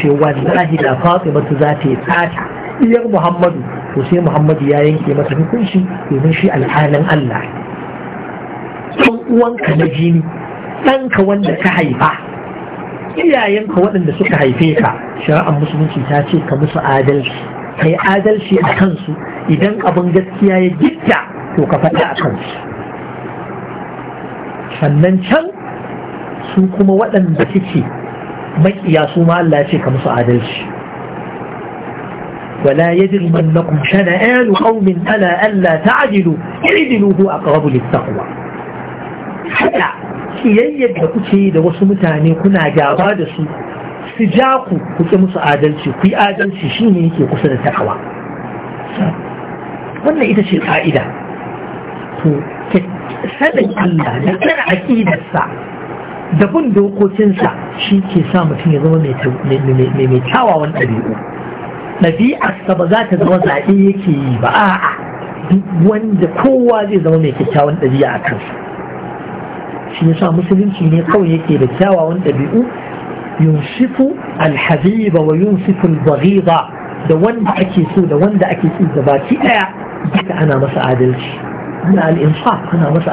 ce wallahi da fatima za ta tsata iyar muhammadu to sai muhammadu ya yanke masa hukunci domin shi alhalin Allah ɗan uwanka na jini ɗanka wanda ka haifa iyayenka waɗanda suka haife ka shari'ar musulunci ta ce ka musu adalci kai adalci a kansu idan abin gaskiya ya gitta to ka faɗi a kansu sannan can su kuma waɗanda suke maƙiya su ma Allah ya ce ka musu adalci ولا يجرمنكم شنآن قوم ta ألا تعدلوا اعدلوا a أقرب للتقوى Haɗa kiyayyar da kuke yi da wasu mutane kuna gaba da su su ja ku ku ƙi musu adalci ku yi adalci shi ne yake kusa da takawa wannan ita ce ƙa'ida to sanin Allah da kira aƙidarsa da bin dokokinsa shi ke sa mutum ya zama mai kyawawan ɗabi'u ɗabi'arsa ba za ta zama zaɓe yake yi ba a'a duk wanda kowa zai zama mai kyakkyawan ɗabi'a a kansa shi sa musulunci ne kawai yake da kyawawan ɗabi'u yunshifu alhabiba wa yunsifu albaghiza da wanda ake so da wanda ake so da baki daya ana masa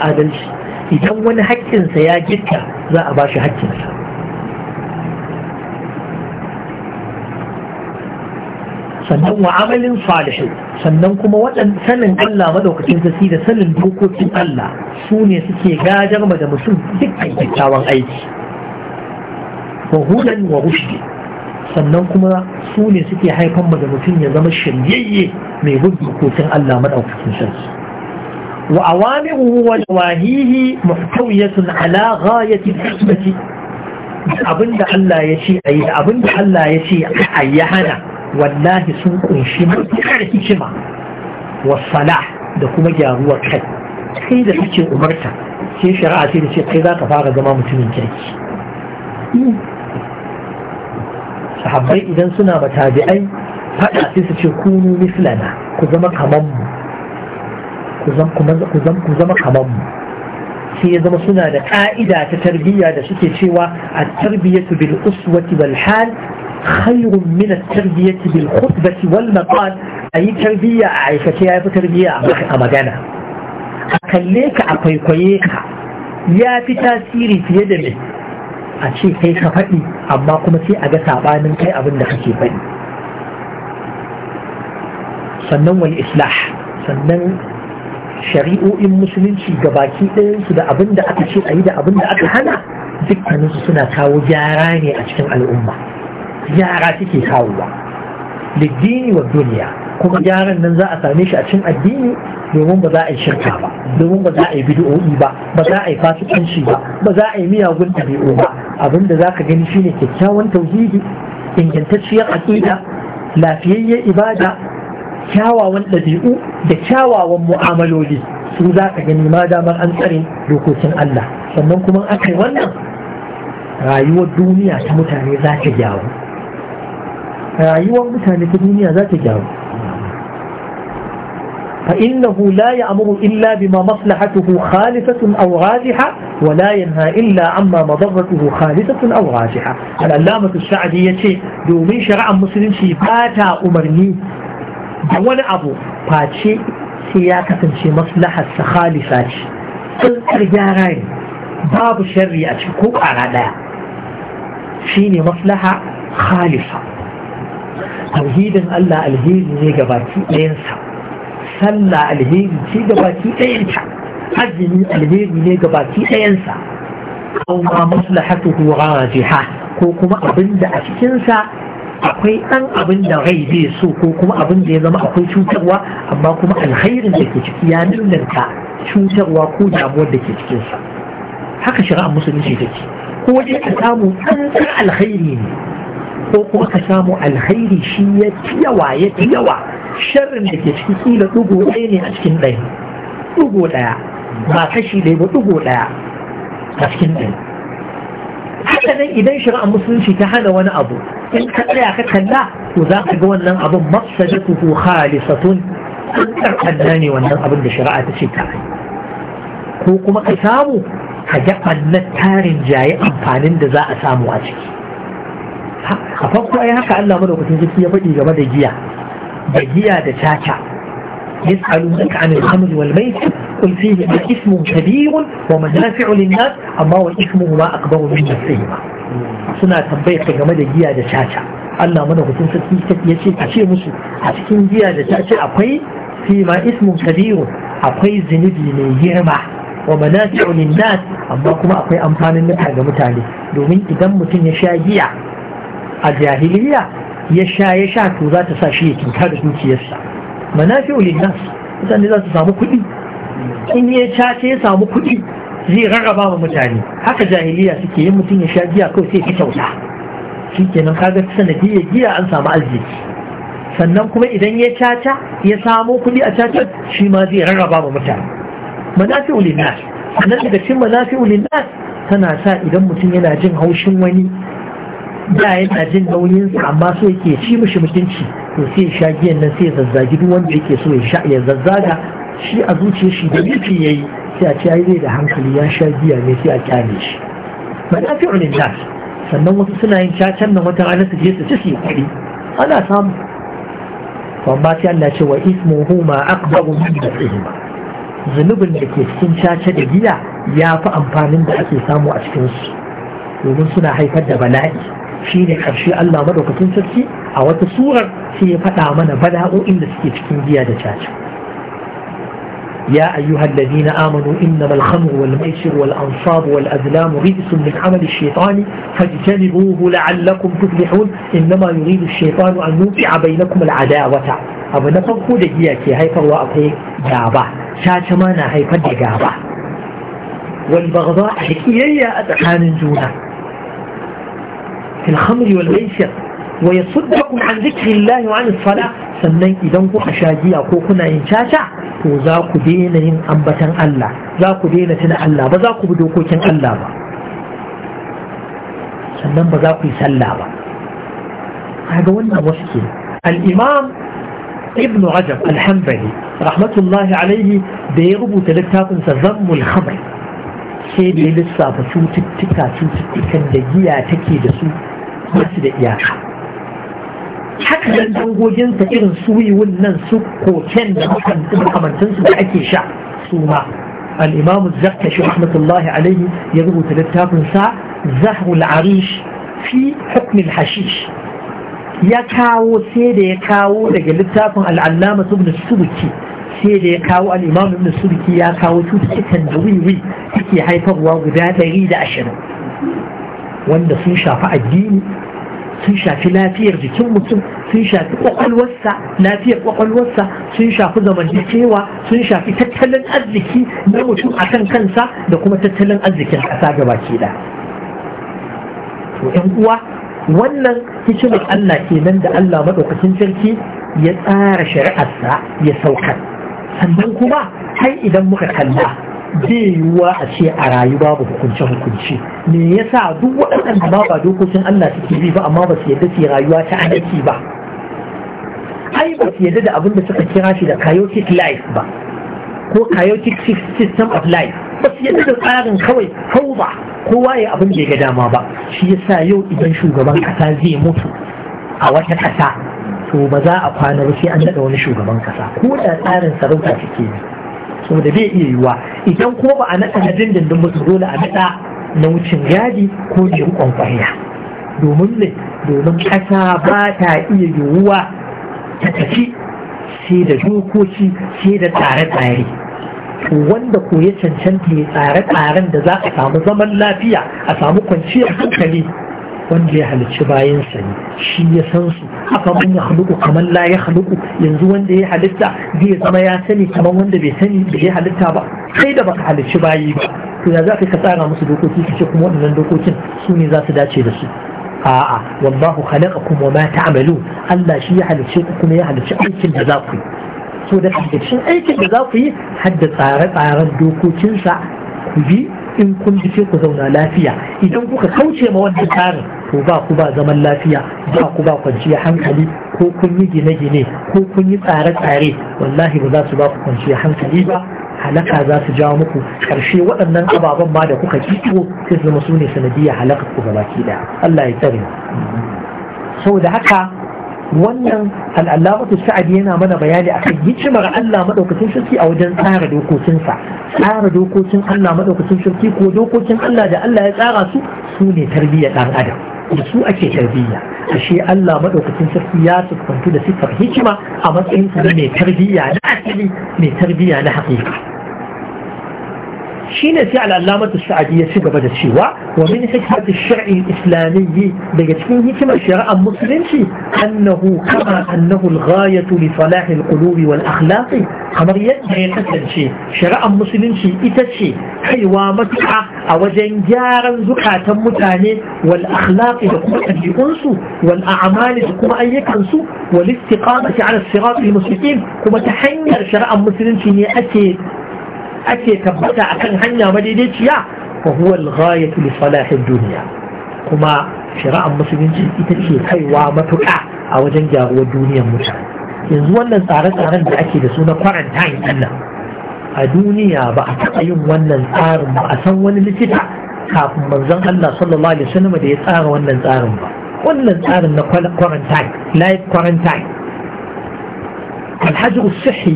adalci idan wani haƙƙinsa ya gitta za'a bashi haƙƙinsa sannan wa amalin salihu sannan kuma waɗan sanin Allah madaukakin sassi da sanin dokokin Allah su ne suke gajar da mutum duk kyakkyawan aiki Wahudan warushi wa rushdi sannan kuma su ne suke haifan da mutum ya zama shiryayye mai bugi dokokin Allah madaukakin sarki wa awamiruhu wa nawahihi muhtawiyatun ala ghayati hikmati Allah ya ce ayi da abinda Allah ya ce ayi hana wallahi sun kunshi mutukar hikima wa salah da kuma gyaruwar kai kai da kake umarta sai shari'a sai da ce kai za ka fara zama mutumin kirki sahabbai idan suna ba tabi'ai faɗa sai su ce kunu mislana ku zama kaman mu ku zama kaman mu sai ya zama suna da ƙa'ida ta tarbiyya da suke cewa a tarbiyyatu bil uswati wal hal khairun min at tarbiyyati bil khutbati wal maqal ayi tarbiyya a aikace yafi tarbiyya a magana a kalle ka a kwaikwaye ka ya fi tasiri fiye da mai a ce kai ka faɗi amma kuma sai a ga saɓanin kai abin da kake faɗi sannan wani islah sannan shari'o'in musulunci ga baki ɗayansu da abin da aka ce a yi da abin da aka hana dukkaninsu suna kawo gyara ne a cikin al'umma gyara suke kawowa lidini wa duniya kuma gyaran nan za a same shi a cin addini domin ba za a yi shirka ba domin ba za a yi bid'o'i ba ba za a yi fasikanci ba ba za a yi miyagun ɗabi'u ba abinda za ka gani shine kyakkyawan tauhidi ingantacciyar aƙida lafiyayyen ibada kyawawan ɗabi'u da kyawawan mu'amaloli su za ka gani ma damar an tsare dokokin Allah sannan kuma aka yi wannan rayuwar duniya ta mutane za ta gyaru rayuwar mutane ta duniya za ta gyaru فإنه لا يأمر إلا بما مصلحته خالصة أو راجحة ولا ينهى إلا عما مضرته خالصة أو راجحة العلامة السعدي يتي دومين شرع مسلم شي فاتا أمرني دون أبو فاتشي سياكة شي مصلحة خالصة الرجارين باب شري أشكو أرادا شيني مصلحة خالصة توحيد الله الهيد نيجا باكي لينسى sallah alheri ce gabaki ɗayanta azumi alheri ne gabaki ɗayansa aw ma maslahatuhu rajiha ko kuma abinda a cikinsa akwai ɗan abin da rai bai so ko kuma abin da ya zama akwai cutarwa amma kuma alherin da ke ciki ya nillanta cutarwa ko damuwar da ke cikinsa haka shari'ar musulunci take ko dai ka samu tsantsar alheri ne ko kuma ka samu alheri shi ya yawa ya yawa sharrin da ke ciki da dugu ɗaya ne a cikin ɗaya dugu ɗaya ba kashi ɗaya ba dugu ɗaya a cikin ɗaya haka nan idan shari'ar musulunci ta hana wani abu in ka tsaya ka kalla to za ka ga wannan abin mafsadatuhu khalisatun an karɓar ne wannan abin da shari'a ta ce ta ko kuma ka samu ka ga annan tarin jaye amfanin da za a samu a ciki a farko ai haka Allah madaukakin jiki ya faɗi game da giya da giya da caca يسألونك عن الخمر والميسر قل فيه اسم كبير ومنافع للناس أما وإثمه ما أكبر من نفسهما suna tambayar ta game da giya da caca Allah mana hutun sarki ya ce a ce musu a cikin giya da caca akwai fi ma ismun kabiru akwai zinibi mai girma wa manafi'u lin nas amma kuma akwai amfanin nuka ga mutane domin idan mutum ya sha giya a jahiliya ya sha ya sha to za ta sa shi ya kinka da dukiyarsa manafi'u linnas mutane za su samu kuɗi in ya ce ya samu kuɗi zai rarraba wa mutane haka jahiliya suke yin mutum ya sha giya kawai sai ta kyauta shi kenan kaga sanadiyar giya an samu arziki sannan kuma idan ya caca ya samo kuɗi a caca shi ma zai rarraba wa mutane manafi'u linnas sannan daga cikin manafi'u linnas tana sa idan mutum yana jin haushin wani da yana jin nauyinsa amma so yake ci mishi mutunci to sai sha giyan nan sai zazzagi duk wanda yake so ya sha ya zazzaga shi a zuciyar shi da yake yayi sai a ce zai da hankali ya sha giya ne sai a kyale shi manafi'un linnas sannan wasu suna yin cacan nan wata ranar su je su ci su kuɗi ana samu amma sai Allah ce wa ismuhu ma akbaru min zunubin da ke cikin caca da giya ya fi amfanin da ake samu a cikinsu domin suna haifar da bala'i shi ne ƙarshe Allah madaukakin sarki a wata surar sai ya faɗa mana bala'o'in da suke cikin giya da caca يا أيها الذين آمنوا إنما الخمر والميسر والأنصاب والأزلام رجس من عمل الشيطان فاجتنبوه لعلكم تفلحون إنما يريد الشيطان أن يوقع بينكم العداوة أبو نفر قد جياكي هاي فروا أطي جابا شاشمانا هاي فرد جابا والبغضاء حكيية أتحان جونا في الخمر والميسر ويصدكم عن ذكر الله وعن الصلاة sannan idan kuka sha giya ko kuna yin caca to za ku daina yin ambatan Allah za ku daina tuna Allah ba za ku bi dokokin Allah ba sannan ba za ku yi sallah ba kaga wannan wasu ke al-imam ibn rajab al rahmatullahi alaihi da ya rubuta littafin sa zammul khamr sai da ya lissafa cututtuka cututtukan da giya take da su ba su da iyaka haka nan dangoginsa irin su wiwun nan su koken da makamantansu da ake sha su ma الإمام الزكشي رحمة الله عليه يذهب تلتاب ساعة زهر العريش في حكم ya kawo sai da ya kawo daga littafin al'allama ibn subki sai da ya kawo al'imam ibn ya kawo cututtukan da wiwi suke haifarwa guda ɗari da ashirin wanda sun shafi addini sun shafi lafiyar jikin mutum sun shafi kwakwalwarsa lafiyar kwakwalwarsa sun shafi zamantakewa sun shafi tattalin arziki na mutum a kan kansa da kuma tattalin arzikin ƙasa gaba ke da to yan uwa wannan hikimar Allah kenan da Allah maɗaukacin sarki ya tsara shari'arsa ya saukar sannan kuma har idan muka kalla zai yiwuwa a ce a rayuwa ba hukunce-hukunce me yasa duk waɗannan ba ba dokokin Allah suke bi ba amma ba su yadda su rayuwa ta anaki ba ai ba su yadda da abin da suka kira shi da chaotic life ba ko chaotic system of life ba su yadda da tsarin kawai hau ba kowa ya abin da ya ga dama ba shi yasa yau idan shugaban kasa zai mutu a wata kasa to ba za a kwana ba sai an daɗa wani shugaban kasa ko da tsarin sarauta suke yi saboda bai iya yiwuwa idan kuma ba a naɗa na dindindin ba su dole a naɗa na wucin gadi ko da rukon kwaya domin ne domin ƙasa ba ta iya yiwuwa ta tafi sai da dokoki sai da tsare-tsare wanda ko ya cancanta ya tsare-tsaren da za a samu zaman lafiya a samu kwanciyar hankali wanda ya halicci bayansa ne shi ya san su haka mun ya haluku kamar la ya yanzu wanda ya halitta zai zama ya sani kamar wanda bai sani bai ya halitta ba sai da baka halicci bayi ba to ya za ka tsara musu dokoki su ce kuma waɗannan dokokin su ne za su dace da su a'a wallahu khalaqakum wa ma ta'malun Allah shi ya halicce ku kuma ya halicci aikin da za ku yi so da cikin aikin da za ku yi hadda tsare-tsaren dokokinsa ku bi in kun ji sai ku zauna lafiya idan kuka kauce ma wannan tsarin to ba ku ba zaman lafiya ba ku ba kwanciyar hankali ko kun yi gine-gine ko kun yi tsare-tsare wallahi ba za su ba ku kwanciyar hankali ba halaka za su jawo muku ƙarshe waɗannan ababen ma da kuka kiko sai zama su ne sanadiyar halakar ku baki ɗaya Allah ya tsare saboda haka wannan al'allamatu sa'adi yana mana bayani akan hikimar Allah maɗaukacin sarki a wajen tsara dokokinsa tsara dokokin Allah maɗaukacin sarki ko dokokin Allah da Allah ya tsara su su ne tarbiyyar ɗan adam da su ake tarbiyya ashe Allah maɗaukacin sarki ya sukuntu da siffar hikima a matsayin sa mai tarbiyya na asali mai tarbiyya na haƙiƙa shine sai al'alamatu sa'adi ya ci gaba da cewa wa min hikmati shar'i islamiyyi daga cikin hikimar shari'ar musulunci annahu kama annahu al-ghayatu li al-qulubi wal akhlaqi kamar yadda ya kasance shari'ar musulunci ita ce kaiwa matuƙa a wajen gyaran zukatan mutane wal akhlaqi da kuma ɗabi'unsu wal a'mali da kuma ayyukansu wal istiqamati ala sirat al-mustaqim kuma ta hanyar shari'ar musulunci ne ake ake tabbata akan hanya madaidaiciya fa huwa al-ghayatu li salahi duniya. kuma shari'ar musulunci ita ce kaiwa matuƙa a wajen gyaruwar duniyar mutane yanzu wannan tsare-tsaren da ake da suna quarantine din nan a duniya ba a taɓa yin wannan tsarin ba a san wani likita kafin manzon Allah sallallahu alaihi wasallam da ya tsara wannan tsarin ba wannan tsarin na quarantine life quarantine alhaji usuhi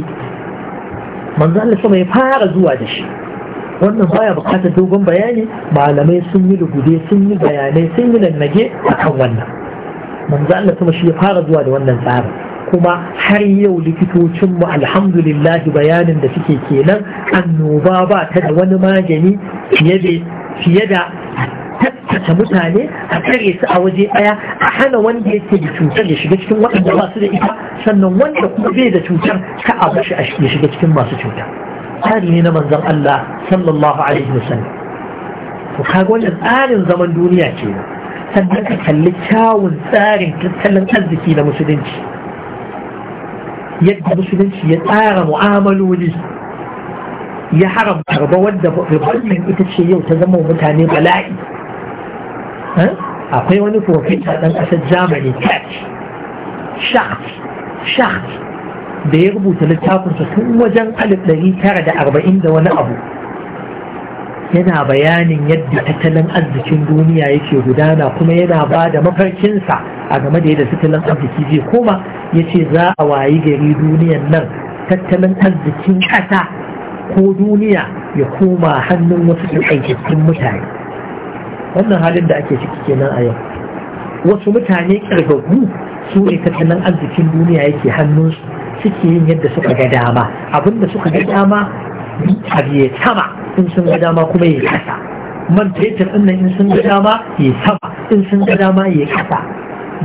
manzo Allah sama ya fara zuwa da shi wannan baya bukatar dogon bayani malamai sun yi lugude sun yi bayanai sun yi a akan wannan manzo Allah sama shi ya fara zuwa da wannan tsarin kuma har yau likitocinmu alhamdulillah bayanin da suke kenan annoba ba ta da wani magani fiye da tattace mutane a tsare su a waje ɗaya a hana wanda yake da cutar ya shiga cikin waɗanda ba su da ita sannan wanda kuma bai da cutar ka a bashi ya shiga cikin masu cuta tsari ne na manzon Allah sallallahu alaihi wasallam to kaga wannan tsarin zaman duniya ke sannan ka kalli kyawun tsarin tattalin arziki na musulunci yadda musulunci ya tsara mu'amaloli ya haramta ba wadda ita ce yau ta zama mutane bala'i Eh? akwai wani profesa ɗan ƙasar germany church da ya rubuta littafinsa tun wajen alif ɗari tara da arba'in da wani abu yana bayanin yadda tattalin arzikin duniya yake gudana kuma yana ba da mafarkinsa a game da yadda tattalin arziki zai koma ya ce za a wayi gari duniyan nan tattalin arzikin ƙasa ko duniya ya koma hannun wasu aikattun mutane wannan halin da ake ciki kenan a yau wasu mutane kirgagu su ne tattalin arzikin duniya yake hannunsu suke yin yadda suka ga dama abinda suka ga dama abu ya sama in sun ga dama kuma ya kasa man fetur ɗin in sun ga dama ya sama in sun ga dama ya kasa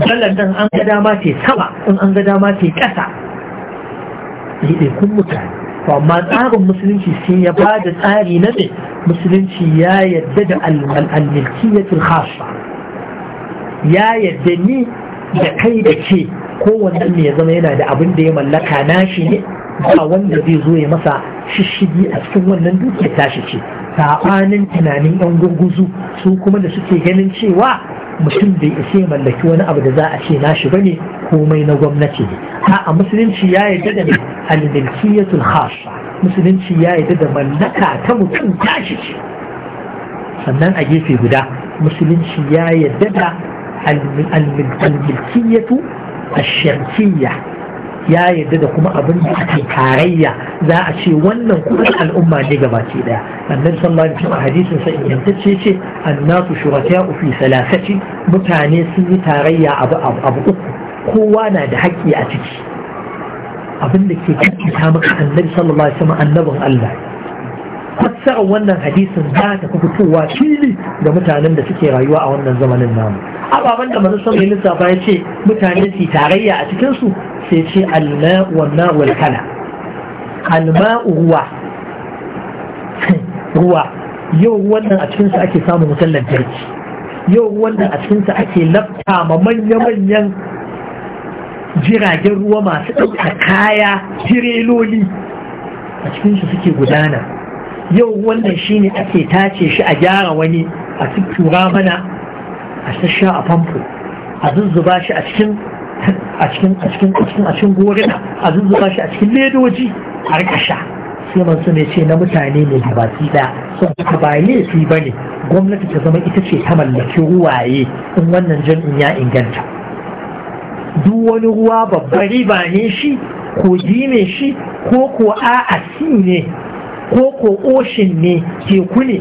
dalar nan an ga dama ce sama in an ga dama ce kasa ɗaiɗaikun mutane amma tsarin musulunci sai ya ba da tsari na ne musulunci ya yadda da al ya khassa ya yadda ni da kai da ke kowanne ne ya zama yana da abin da ya mallaka nashi ne ba wanda zai zo ya masa shishigi a cikin wannan dukiyar tashi ce saɓanin tunanin yan gurguzu su kuma da suke ganin cewa mutum bai isa mallaki wani abu da za a ce nashi bane komai na gwamnati ne a musulunci ya yarda da al-milkiyatul musulunci ya yarda da mallaka ta mutum tashi ce sannan a gefe guda musulunci ya yarda da al-milkiyatu ash ya yarda da kuma abin da ake tarayya za a ce wannan kudin al'umma ne gabaki daya annabi sallallahu alaihi wasallam hadisin sa ingantacce ce annasu shuraka'u fi salasati mutane sun yi tarayya abu abu uku kowa na da haƙƙi a ciki abin da ke kakkita maka annabi sallallahu alaihi wasallam annabin Allah fassara wannan hadisin za ta fi fitowa fili ga mutanen da suke rayuwa a wannan zamanin namu ababen da manzon sallallahu alaihi wasallam ya ce mutane su tarayya a cikin su sai ce alma wanna walkala ruwa yau wannan a cikinsa ake samun wutar lantarki yau wannan a cikinsa ake lafta ma manya-manyan jiragen ruwa masu ɗauka kaya tireloli a cikinsu suke gudana yau wannan shine ake tace shi a gyara wani a tura mana a sasha a famfo a zuzzuba shi a cikin a cikin a cikin a cikin a cikin gorina a shi a cikin ledoji a rika sha sai su ne ce na mutane ne gabaki da sun haka ba su ba ne gwamnati ta zama ita ce ta mallaki ruwaye in wannan in ya inganta duk wani ruwa babbar riba ne shi kogi ne shi ko ko a'a ne ko ko oshin ne teku ne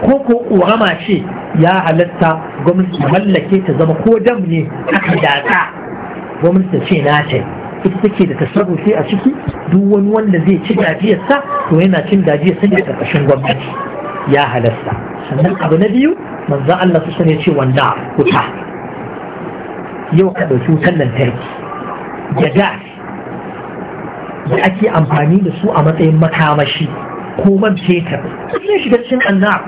ko ko ƙorama ce ya halatta gwamnati mallake ta zama ko dam ne aka datsa gwamnati ce na ce ita take da sai a ciki duk wani wanda zai ci sa to yana cin gajiyarsa ne ƙarƙashin gwamnati ya halatta sannan abu na biyu manzo Allah su sani ce wanda wuta yau ka ɗauki wutar lantarki da gas da ake amfani da su a matsayin makamashi ko man fetur sun shiga cikin annar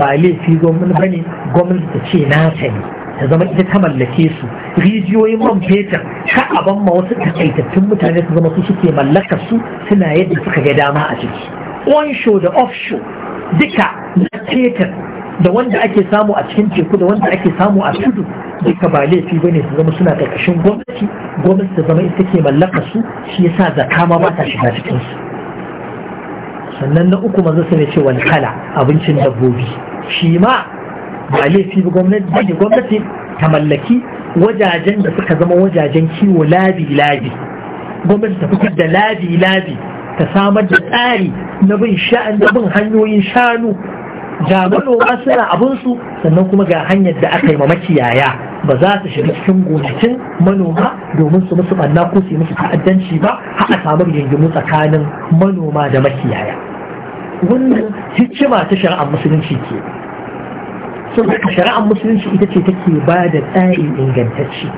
ba laifi gwamnati bane gwamnati ta ce na sani ta zama ita ta mallake su rijiyoyin man fetur ka a ban ma wasu takaitattun mutane su zama su suke mallakar su suna yadda suka ga dama a ciki onshore da offshore duka na fetur da wanda ake samu a cikin teku da wanda ake samu a tudu duka ba laifi bane su zama suna karkashin gwamnati gwamnati ta zama ita ke mallakar su shi yasa zakama ba ta shiga cikin su sannan na uku manzo sai ce wal kala abincin dabbobi shi ma ba laifi ba gwamnati gwamnati ta mallaki wajajen da suka zama wajajen kiwo labi labi gwamnati ta fitar da labi labi ta samar da tsari na bin sha'an da bin hanyoyin shanu ga manoma suna abinsu sannan kuma ga hanyar da aka yi ma makiyaya ba za su shiga cikin gonakin manoma domin su musu ɓanna ko su yi musu ta'addanci ba har a samu rigingimu tsakanin manoma da makiyaya wannan hikima ta shari'ar musulunci ke saboda shari'ar musulunci ita ce take ba da tsari ingantacce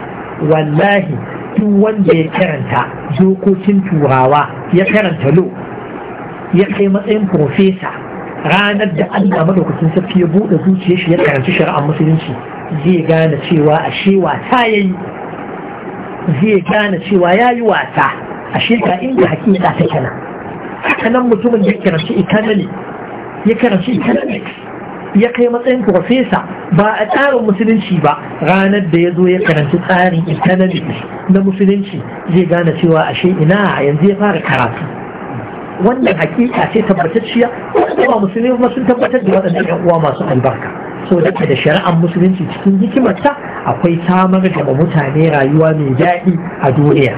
wallahi duk wanda ya karanta dokokin turawa ya karanta lo ya kai matsayin profesa ranar da allah madaukakin sarki ya buɗe zuciyar shi ya karanci shari'ar musulunci zai gane cewa ashe wata ya yi zai gane cewa ya yi wata ashe ka inda hakika ta kenan haka mutumin ya karanci ya economics ya kai matsayin profesa ba a tsarin musulunci ba ranar da ya zo ya karanci tsarin economics na musulunci zai gane cewa ashe ina yanzu ya fara karatu wannan hakika sai tabbatacciya wanda ba musulmi ba sun tabbatar da waɗannan yan uwa masu albarka so da da shari'ar musulunci cikin hikimarta akwai samar da mutane rayuwa mai daɗi a duniya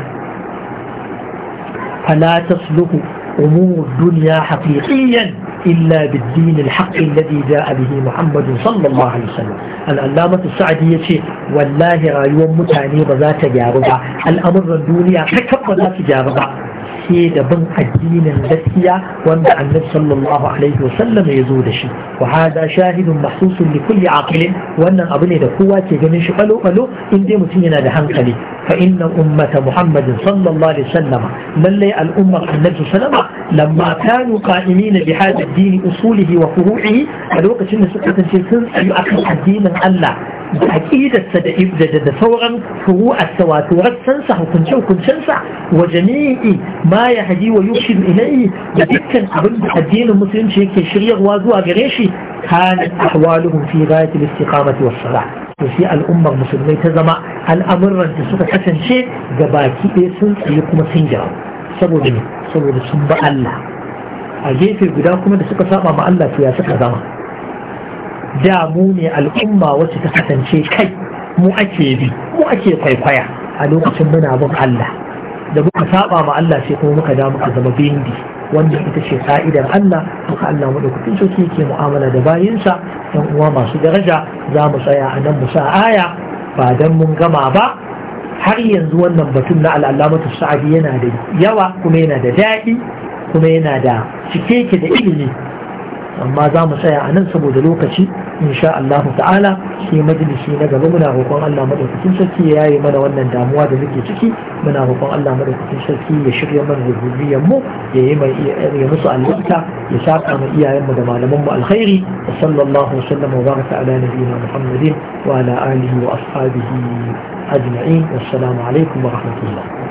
fala tasluhu أمور الدنيا حقيقيا إلا بالدين الحق الذي جاء به محمد صلى الله عليه وسلم الألامة السعدية والله رايوم متاني بذات جاربا الأمر الدنيا ككب بذات جاربا ke da bin addinin gaskiya wanda annabi sallallahu alaihi wasallam ya zo da shi wa hada shahidun mahsusun li kulli aqilin wannan abu ne da kowa ke ganin shi balo balo in dai mutum yana da hankali fa inna ummata muhammadin sallallahu alaihi wasallama lallai al'ummar annabi sallama لما كانوا قائمين بهذا الدين أصوله وفروعه فلوقت شنو سكة أي يؤخذ الدين الله أكيد جدد فورا فروع السواتور تنسح وكنشا وكنشنسة وجميع ما يهدي ويرشد إليه وذكا أبن الدين المسلم شيك شريع وازوها قريشي كانت أحوالهم في غاية الاستقامة والصلاة وفي الأمة المسلمة تزمع الأمر أن تسوق حسن شيخ قباكي إيسن أيكم سنجرا saboda ne saboda sun ba Allah a gefe guda kuma da suka saba ma Allah ya suka zama da mu ne al'umma wacce ta kasance kai mu ake bi mu ake kwaikwaya a lokacin muna bin Allah da muka saba ma Allah sai kuma muka da ka zama bindi wanda ita ce ka'idar Allah muka Allah madaukakin sarki ke mu'amala da bayinsa yan uwa masu daraja za mu tsaya a nan mu sa aya ba dan mun gama ba har yanzu wannan batun na al'alamatu sa'adi yana da yawa kuma yana da daɗi kuma yana da cikeke da ilimi amma za mu tsaya a nan saboda lokaci insha Allah ta'ala shi majalisi na gaba muna roƙon Allah madaukakin sarki ya yi mana wannan damuwa da muke ciki muna roƙon Allah madaukakin sarki ya shirya mana rububiyar mu ya yi mai ya musu albarka ya saka mu iyayen mu da malaman mu alkhairi wa sallallahu wa sallama wa baraka ala nabiyina muhammadin wa ala alihi wa ashabihi أجمعين والسلام عليكم ورحمة الله